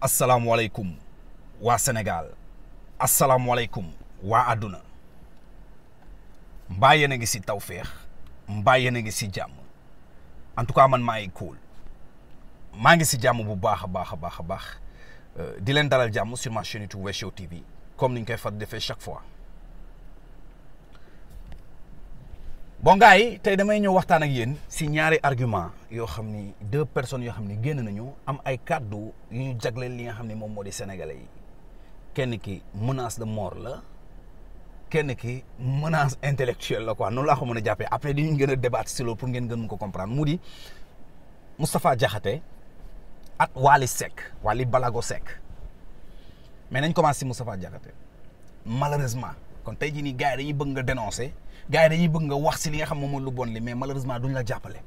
asalaamualeykum waa Sénégal asalaamualeykum waa àdduna mbaa yéen a ngi si tawféex mbaa yéen a ngi si jàmm en tout cas man maa ngi cool maa ngi si jàmm bu baax a baax a baax a baax euh, di leen dalal jàmm sur ma chaîne YouTube TV comme ni ñu koy fat defee chaque fois. bon gars tey damay ñëw waxtaan ak yéen si ñaari argument yoo xam ni deux personnes yoo xam ni génn nañu am ay kàddu yu ñu jagleel li nga xam ni moom moo di sénégalais yi kenn ki menace de mort la kenn ki menace intellectuelle la quoi noonu laa ko mën a jàppee après di ñu gën a débattre si loolu pour ngeen gën ko comprendre mu di Moustapha Diakhaté at Wally Seck Wally Balago Seck mais nañ commencé si Moustapha Diakhaté malheureusement. kon tey jii nii gaay yi dañuy bëgg nga dénoncer gars yi dañuy bëgg nga wax si li nga xam moom lu bon li mais malheureusement duñ la jàppale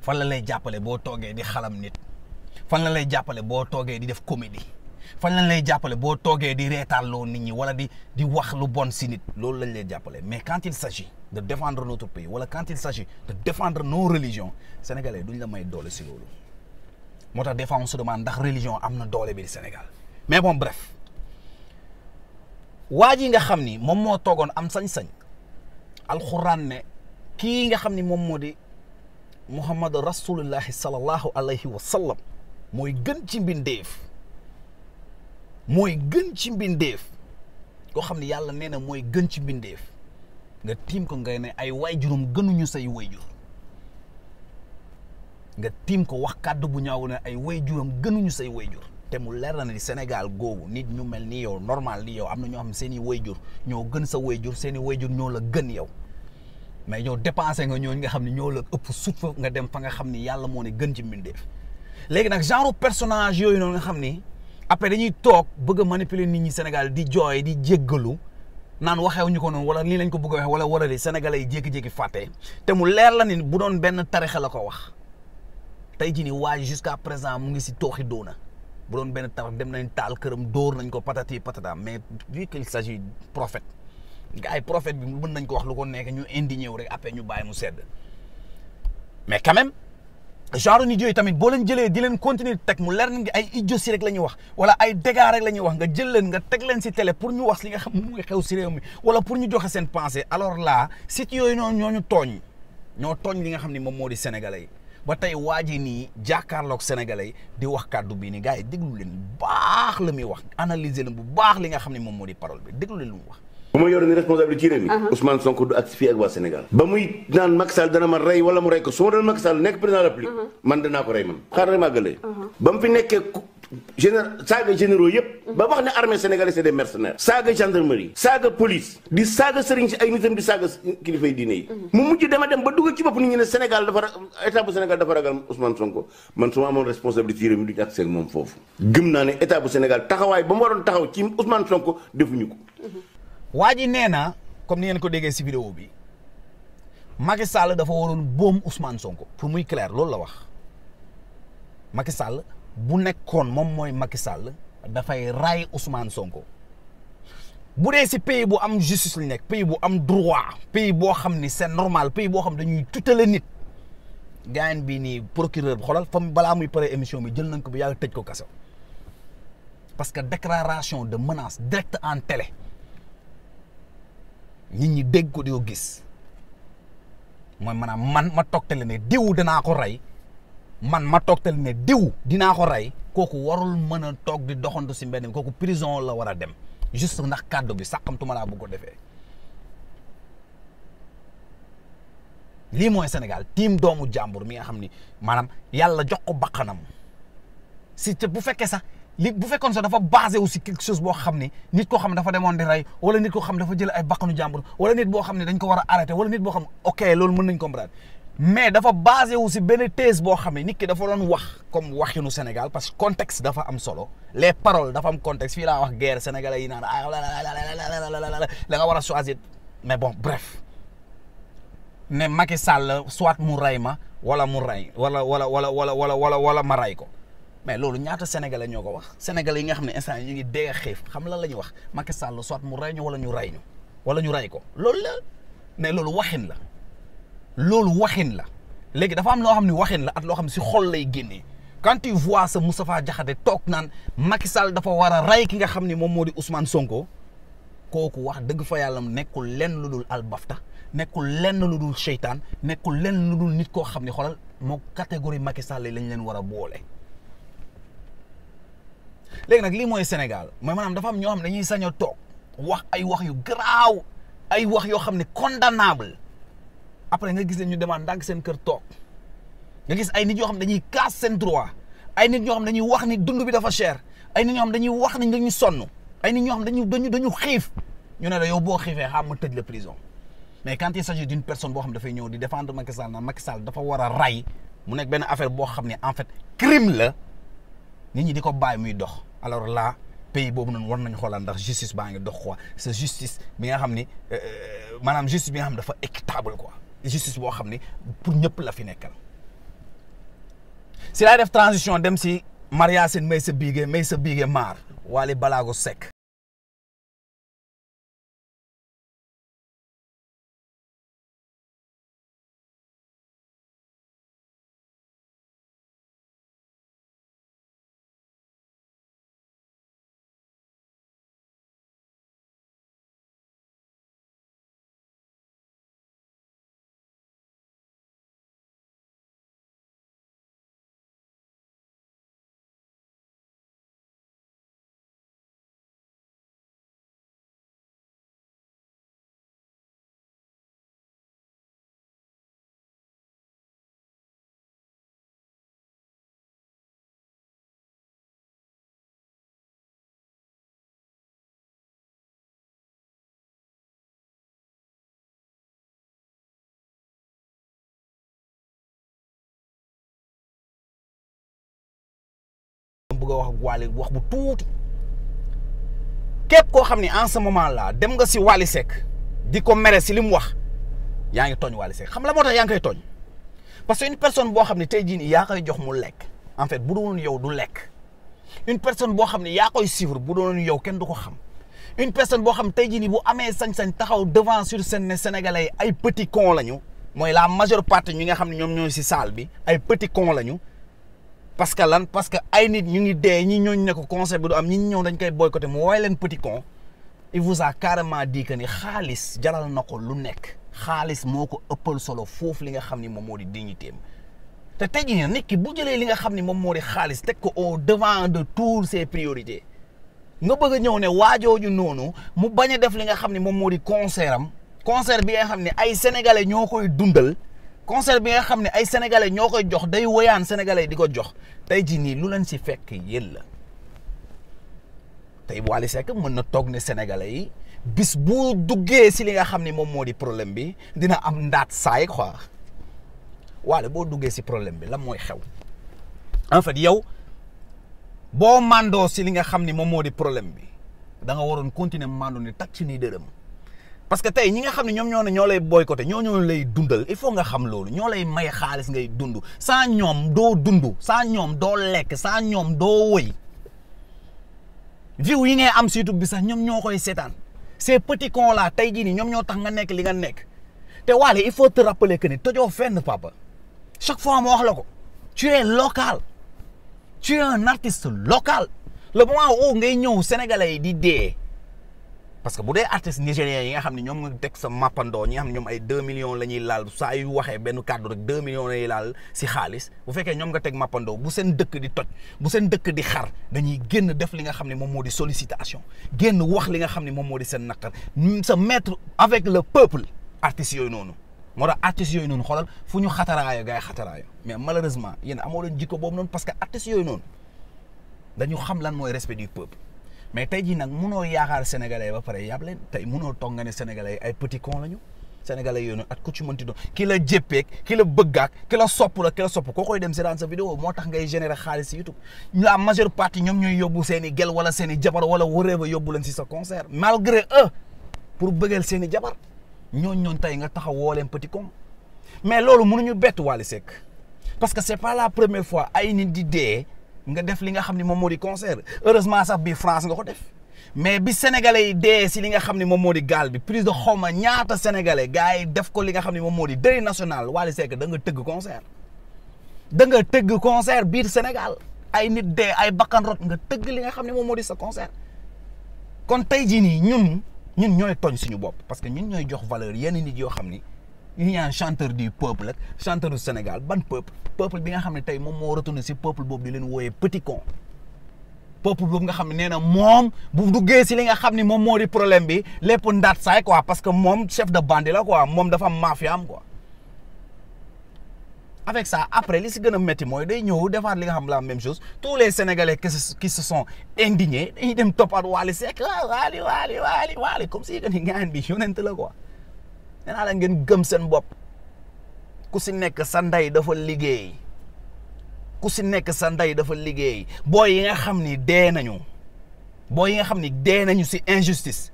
fan la lay jàppale boo toogee di xalam nit fan la lay jàppale boo toogee di def comédie fan lañ lay jàppale boo toogee di reetaanloo nit ñi wala di di wax lu bon si nit loolu lañ lay jàppale mais quand il s'agit de défendre notre pays wala quand il s'agit de défendre nos religions sénégalais duñ la may doole si loolu moo tax des fois on demande ndax religion am na doole bi Sénégal mais bon bref waa ji nga xam ni moom moo toogoon am sañ-sañ alxuraan ne kii nga xam ni moom moo di muhammad rasulullahi salallahu alayhi wa sallam mooy gën ci mbindeef mooy gën ci mbindeef koo xam ni yàlla nee na mooy gën ci mbindeef nga tiim ko ngay ne ay wayjurum gënuñu say wayjur nga tiim ko wax kàddu bu ñaaw ne ay wayjuram gënuñu say wayjur te mu leer na Sénégal googu nit ñu mel ni yow normal ni yow am na ñoo xam seen i wayjur ñoo gën sa wayjur seen i wayjur ñoo la gën yow mais ñoo dépensé nga ñooñu nga xam ne ñoo la ëpp suuf nga dem fa nga xam ni yàlla moo ne gën ci mbindeef léegi nag genre personnage yooyu noonu nga xam ni après dañuy toog bëgg a nit ñi Sénégal di jooy di jéggalu naan waxewu ko noonu wala nii lañ ko bëgg wala wala li Sénégalais yi jékki-jékki te mu leer la ni bu doon benn tarixa la ko wax tey jii nii waaye jusqu'à présent mu ngi si tooxi doona bu doon benn tabax dem nañ taal këram dóor nañ ko patati patata mais vu qu'il s'agit prophète nga ay prophète bi mu mën nañ ko wax lu ko nekk ñu indigné wu rek après ñu bàyyi mu sedd mais quand même genre ni yooyu tamit boo leen jëlee di leen continuer teg mu leer nañ ay idiotie rek la ñuy wax wala ay dégâts rek la ñuy wax nga jël leen nga teg leen si télé pour ñu wax li nga xam mu ngi xew si réew mi wala pour ñu joxe seen pensée alors là sites yooyu noonu ñoo ñu tooñ ñoo tooñ li nga xam ne moom moo di sénégalais yi. ba tey waa ji nii jàkkaarloog sénégalais di wax kàddu bii nii gars yi déglu leen baax la muy wax analyser leen bu baax li nga xam ne moom moo di parole bi déglu leen lu mu wax. bu ma yore ni responsabilité ci réew mi uh-huh. Ousmane Sonko du ak fii ak ba muy naan Macky Sall dana ma rey wala mu rey ko su ma doon Macky Sall nekk président de la République uh-huh. man danaa ko rey man xaaral maa gëlee uh-huh. ba mu fi nekkee général saaga généraux yëpp. ba wax ne armée sénégalaise c'est des mercenaires. saaga gendarmerie. saaga police. di saaga sëriñ si ay nitam di saaga kilifay diine yi. Mhm. mu mujj dema dem ba dugg ci bopp nit ñi ne Sénégal dafa état bu Sénégal dafa ragal Ousmane Sonko man su ma amoon responsabilité yërëm duñu ak moom foofu. gëm naa ne état bu Sénégal taxawaay ba mu waroon taxaw ci Ousmane Sonko defuñu ko. Mhm. waa ji nee naa comme ni ngeen ko déggee si vidéo bi Macky Sall dafa waroon boom Ousmane Sonko pour muy clair loolu la wax Sall. bu nekkoon moom mooy Macky Sall dafay ray Ousmane Sonko bu dee si pays bu am justice li nekk pays bu am droit pays boo xam ni c'est normal pays boo xam dañuy tutale nit gaayen bii nii procureur bi xoolal fa balaa muy pare émission bi jël nañ ko bi yàlla tëj ko kaso parce que déclaration de menace direct en télé nit ñi dégg ko di ko gis mooy maanaam man ma toog télé ne diw danaa ko rey man ma toogtal ne diw dinaa ko rey kooku warul mën a toog di doxantu si mbedd kooku prison la war a dem juste ndax kàddu bi ma laa bëgg ko defee lii mooy Sénégal tiim doomu jàmbur mi nga xam ni maanaam yàlla jox ko bakkanam si te bu fekkee sax li bu fekkoon sax dafa basé wu si quelque chose boo xam ni nit koo xam dafa demoon di rey wala nit koo xam dafa jël ay bakkanu jàmbur wala nit boo xam ne dañ ko war a arrêté wala nit boo xam ok loolu mën nañ comprendre mais dafa basé wu si benn thèse boo xam ne nit ki dafa doon wax comme waxinu Sénégal parce que contexte dafa am solo les paroles dafa am contexte fii laa wax guerre sénégalais yi naan da nga war a choisir mais bon bref ne Macky Sall soit mu ray ma wala mu ray wala wala wala wala wala wala wala ma ray ko mais loolu ñaata sénégalais ñoo ko wax sénégalais yi nga xam ne instant ñu ngi dégg xiif xam lan la ñuy wax Macky Sall soit mu ray ñu wala ñu ray ñu wala ñu ray ko loolu la mais loolu waxin la. loolu waxin la léegi dafa am loo xam ne waxin la at loo xam ne si xol lay génnee quand tu vois sa Moustapha Diakhaté toog naan Macky Sall dafa war a rey ki nga xam ni moom moo di usmaan Sonko kooku wax dëgg fa yàlla mu nekkul lenn lu dul albafta nekkul lenn lu dul seytaan nekkul lenn lu dul nit koo xam ni xoolal moo catégorie Macky Sall lañ leen war a boole. léegi nag lii mooy Sénégal mooy maanaam dafa am ñoo xam ne dañuy sañ a toog wax ay wax yu garaaw ay wax yoo xam ne condamnable. après nga gis leen ñu demande ndànk seen kër toog nga gis ay nit ñoo xam dañuy kaas seen droit ay nit ñoo xam dañuy wax ni dund bi dafa cher ay nit ñoo xam dañuy wax ni dañu sonn ay nit ñoo xam dañu dañu dañu xiif ñu ne la yow boo xiifee xam ma tëj la prison mais quand il s'agit d'une personne boo xam dafay ñëw di défendre Macky Sall na Macky Sall dafa war a ray mu nekk benn affaire boo xam ne en fait crime la nit ñi di ko bàyyi muy dox alors la pays boobu noonu war nañu xoolal ndax baa ngi dox quoi c'est bi nga xam ni euh, euh, maanaam justice bi nga xam dafa équitable quoi justice boo xam ne pour ñëpp la fi nekkal si laay def transition dem si Maria Sène Maysa Bigué Maysa Bigué Maar Wally Balago Seck bëgg a wax ak bu tuuti képp koo xam ne en ce moment là dem nga si Wally Seck di ko mere si li mu wax yaa ngi tooñ Wally Seck xam la moo tax yaa ngi koy tooñ parce que une personne boo xam ne tey jii nii yaa koy jox mu lekk en fait bu doonoon yow du lekk une personne boo xam ne yaa koy suivre bu doonoon yow kenn du ko xam une personne boo xam tey jii nii bu amee sañ-sañ taxaw devant sur scène ne sénégalais ay petits cons lañu mooy la majeure partie ñi nga xam ne ñoom ñooy si salle bi ay petits cons parce que lan parce que ay nit ñu ngi dee ñi ñooñu ne ko conseil bi du am ñi ñëw dañ koy boycotté mu wooy leen petit con il vous a carrément dit que ni xaalis jalal na ko lu nekk xaalis moo ko ëppal solo foofu li nga xam ni moom moo di dignité te tey jii nit ki bu jëlee li nga xam ni moom moo di xaalis teg ko au devant de toutes ses priorités nga bëgg ñëw ne waajooju noonu mu bañ a def li nga xam ni moom moo di concert am concert bi nga xam ne ay sénégalais ñoo koy dundal conseil bi nga xam ne ay sénégalais ñoo koy jox day woyaan sénégalais di ko jox tey jii nii lu leen si fekk yéen la tey Wally Seck mën na toog ne sénégalais yi bis bu duggee si li nga xam ne moom moo di problème bi dina am ndaat saay quoi waale boo duggee si problème bi lan mooy xew en fait yow boo mandoo si li nga xam ni moom moo di problème bi da nga waroon continuer mando ni takk ci nii dërëm. parce que tey ñi nga xam ne ñoom ñoo ne ñoo lay boycotté ñoo ñoo lay dundal il faut nga xam loolu ñoo lay may xaalis ngay dund saa ñoom doo dund saa ñoom doo lekk saa ñoom doo wëy view yi ngay am surtout bi sax ñoom ñoo koy seetaan ces petits cons là tey jii nii ñoom ñoo tax nga nekk li nga nekk te waale il faut te rappeler que ni tojoo fenn papa chaque fois moo wax la ko tu es local tu es un artiste local le ngay ñëw sénégalais yi di dee. parce que bu dee artistes nigériens yi nga xam ne ñoom nga teg sa mappandoo ñi nga xam ne ñoom ay 2 millions la ñuy laal saa yu waxee benn kàddu rek 2 millions la laal si xaalis bu fekkee ñoom nga teg mappandoo bu seen dëkk di toj bu seen dëkk di xar dañuy génn def li nga xam ne moom moo di sollicitation génn wax li nga xam ne moom moo di seen naqar sa mettre avec le peuple artistes yooyu noonu moo tax artistes yooyu noonu xoolal fu ñu xataraayo gars mais malheureusement yéen amoo leen jikko boobu noonu parce que artistes yooyu noonu dañu xam lan mooy respect du mais tey jii nag munoo yaakaar sénégalais ba pare yàpp leen tey munoo toog nga ne sénégalais ay petit con la ñu sénégalais yooyu noonu at ku ci mënti doon ki la jéppeeg ki la bëggaak ki sopp la ki sopp koo koy dem seetaan sa vidéo moo tax ngay générer xaalis si YouTube la majeure partie ñoom ñooy yóbbu seeni i gel wala seeni i jabar wala wëree ba yóbbu si sa concert malgré eux pour bëggeel seeni jabar ñooñ ñoon tey nga taxaw woo leen petit con mais loolu mënuñu bett Wally Seck parce que c'est pas la première fois ay nit di dee nga def li nga xam ne moom moo di concert heureusement sax bii France nga ko def mais bi sénégalais yi dee si li nga xam ne moom moo di gaal bi prise de xaw xawma ñaata sénégalais gars yi def ko li nga xam ne moom moo di deuil national Wally Seck da nga tëgg concert da nga tëgg concert biir Sénégal ay nit dee ay bakkan rot nga tëgg li nga xam ne moom moo di sa concert kon tey jii nii ñun ñun ñooy tooñ suñu bopp parce que ñun ñooy jox valeur yenn nit yoo xam ni. ñu ñaan chanteur du peuple ak chanteur du Sénégal ban peuple peuple bi nga xam ne tey moom moo retourné si peuple boobu di leen wooyee petit con peuple boobu nga xam ne nee na moom bu duggee si li nga xam ne moom moo di problème bi lépp ndaat saay quoi parce que moom chef de bande la quoi moom dafa am mafia am quoi. avec ça après li si gën a métti mooy day ñëw defaat li nga xam la même chose tous les sénégalais qui se qui se sont dem toppaat Wally Seck waali ah, waali waali waali comme si que ni ngaan bi la quoi. nee la ngeen gëm seen bopp ku si nekk sa ndey dafa liggéey ku si nekk sa ndey dafa liggéey booy yi nga xam ni dee nañu booy yi nga xam ni dee nañu si injustice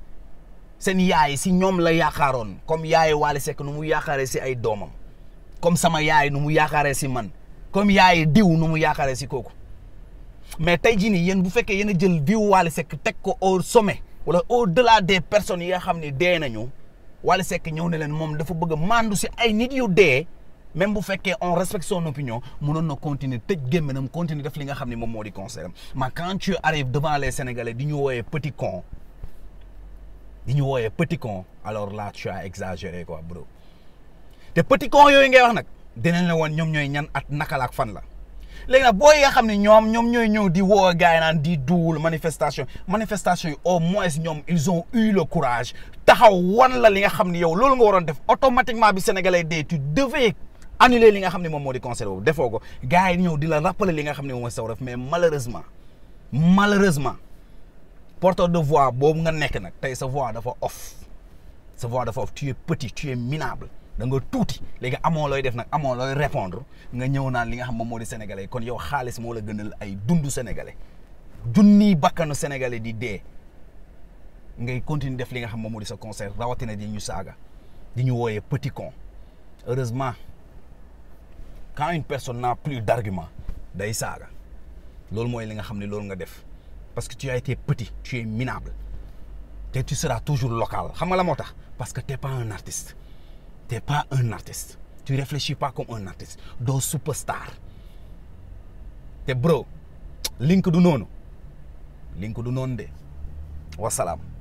seen yaay si ñoom la yaakaaroon comme yaay Wally sekk nu mu yaakaaree si ay doomam comme sama yaay nu mu yaakaaree si man comme yaay diw nu mu yaakaaree si kooku mais tey jii nii yéen bu fekkee yéen a jël diw Wally Seck teg ko au some wala au delà des personnes yi nga xam ni dee nañu. Wally Seck ñëw ne leen moom dafa bëgg a mandu si ay nit yu dee même bu fekkee on respecte son opinion mënoon na continuer tëj gémminam continuer def li nga xam ne moom moo di concert am mais quand tu arrives devant les sénégalais di ñu wooyee petit con di ñu wooyee petit con alors là tu as exagéré quoi bro te petit con yooyu ngay wax nag dinañ la woon ñoom ñooy ñan at ak fan la. léegi nag booy yi nga xam ne ñoom ñoom ñooy ñëw di woo gars naan di duwul manifestation manifestation yi au moins ñoom ils ont eu le courage taxaw wan la li nga xam ne yow loolu nga waroon def automatiquement bi sénégalais dee tu devais annuler li nga xam ne moom moo di concert boobu defoo ko gars yi ñëw di la rappeler li nga xam ne moom mooy saw ref mais malheureusement malheureusement de voix boobu nga nekk nag tey sa voix dafa off sa voix dafa off tu es petit tu es minable da nga tuuti léegi amoo looy def nag amoo looy répondre nga ñëw naan li nga xam moom moo di sénégalais kon yow xaalis moo la gënal ay dundu sénégalais junniy bakkanu sénégalais di dee ngay continuer def li nga xam moom moo di sa concert rawatina di ñu saaga di ñu wooyee petit con heureusement quand une personne n'a plus d'argument day saaga loolu mooy li nga xam ne loolu nga def parce que tu as été petit tu es minable te tu seras toujours local xam nga la moo tax parce que t'es pas un te pas un artiste tu réfléchis pas comme un artiste doo superstar te bro link du noonu link du noonu de wasalaam